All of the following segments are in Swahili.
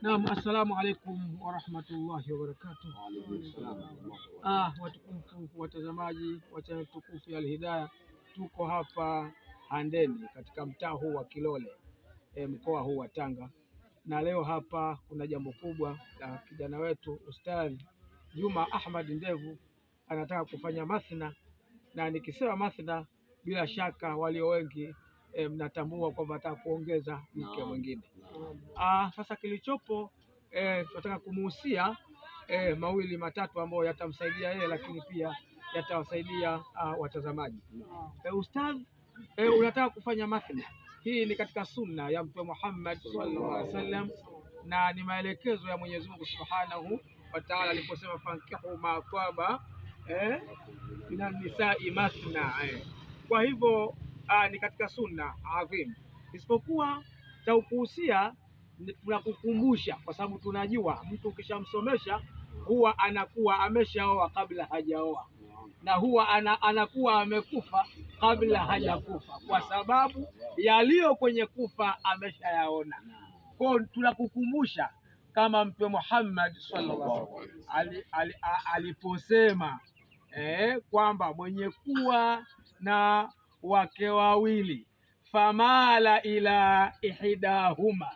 Naam, assalamu alaikum warahmatullahi wabarakatuh. Ah, watukufu watazamaji wa chaneli tukufu ya Alhidaya, tuko hapa Handeni katika mtaa huu wa Kilole e, mkoa huu wa Tanga, na leo hapa kuna jambo kubwa la kijana wetu Ustadhi Juma Ahmad Ndevu anataka kufanya mathna, na nikisema mathna bila shaka walio wengi e, mnatambua kwamba nataka kuongeza mke mwingine. Ah, sasa kilichopo e, tunataka kumuhusia e, mawili matatu ambayo yatamsaidia yeye, lakini pia yatawasaidia ah, watazamaji. E, ustadhi e, unataka kufanya mathna. Hii ni katika sunna ya Mtume Muhammad sallallahu alaihi wasallam na ni maelekezo ya Mwenyezi Mungu Subhanahu wa Ta'ala aliposema fankihu ma kwaba eh, minan nisai mathna eh. Kwa hivyo uh, ni katika sunna adhim, isipokuwa cha ukuhusia tunakukumbusha, kwa sababu tunajua mtu ukishamsomesha huwa anakuwa ameshaoa kabla hajaoa na huwa ana, anakuwa amekufa kabla hajakufa, kwa sababu yaliyo kwenye kufa ameshayaona. Kwa tunakukumbusha kama Mtume Muhammad sallallahu alaihi wasallam ali, aliposema ali, ali eh, kwamba mwenye kuwa na wake wawili, famala ila ihdahuma,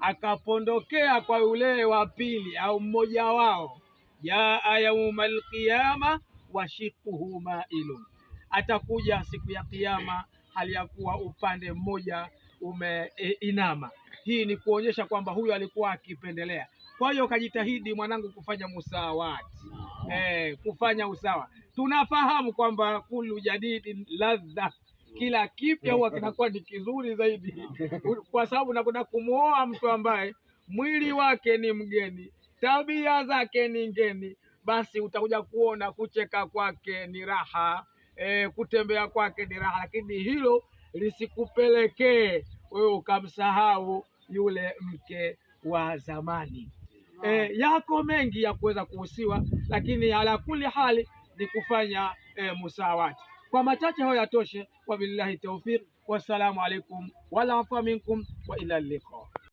akapondokea kwa yule wa pili au mmoja wao, jaa yauma alqiyama washiquhu mailun, atakuja siku ya Kiyama hali ya kuwa upande mmoja umeinama. Hii ni kuonyesha kwamba huyu alikuwa akipendelea. Kwa hiyo kajitahidi mwanangu kufanya musawati Eh, kufanya usawa. Tunafahamu kwamba kullu jadidin ladha kila kipya huwa kinakuwa ni kizuri zaidi, kwa sababu nakwenda kumwoa mtu ambaye mwili wake ni mgeni, tabia zake ni ngeni. Basi utakuja kuona kucheka kwake ni raha e, kutembea kwake ni raha, lakini hilo lisikupelekee wewe ukamsahau yule mke wa zamani. E, yako mengi ya kuweza kuhusiwa, lakini ala kuli hali ni kufanya e, musawati. Kwa machache hayo yatoshe. Wabillahi taufiq, wassalamu alaikum wala afa minkum wa ila liqa.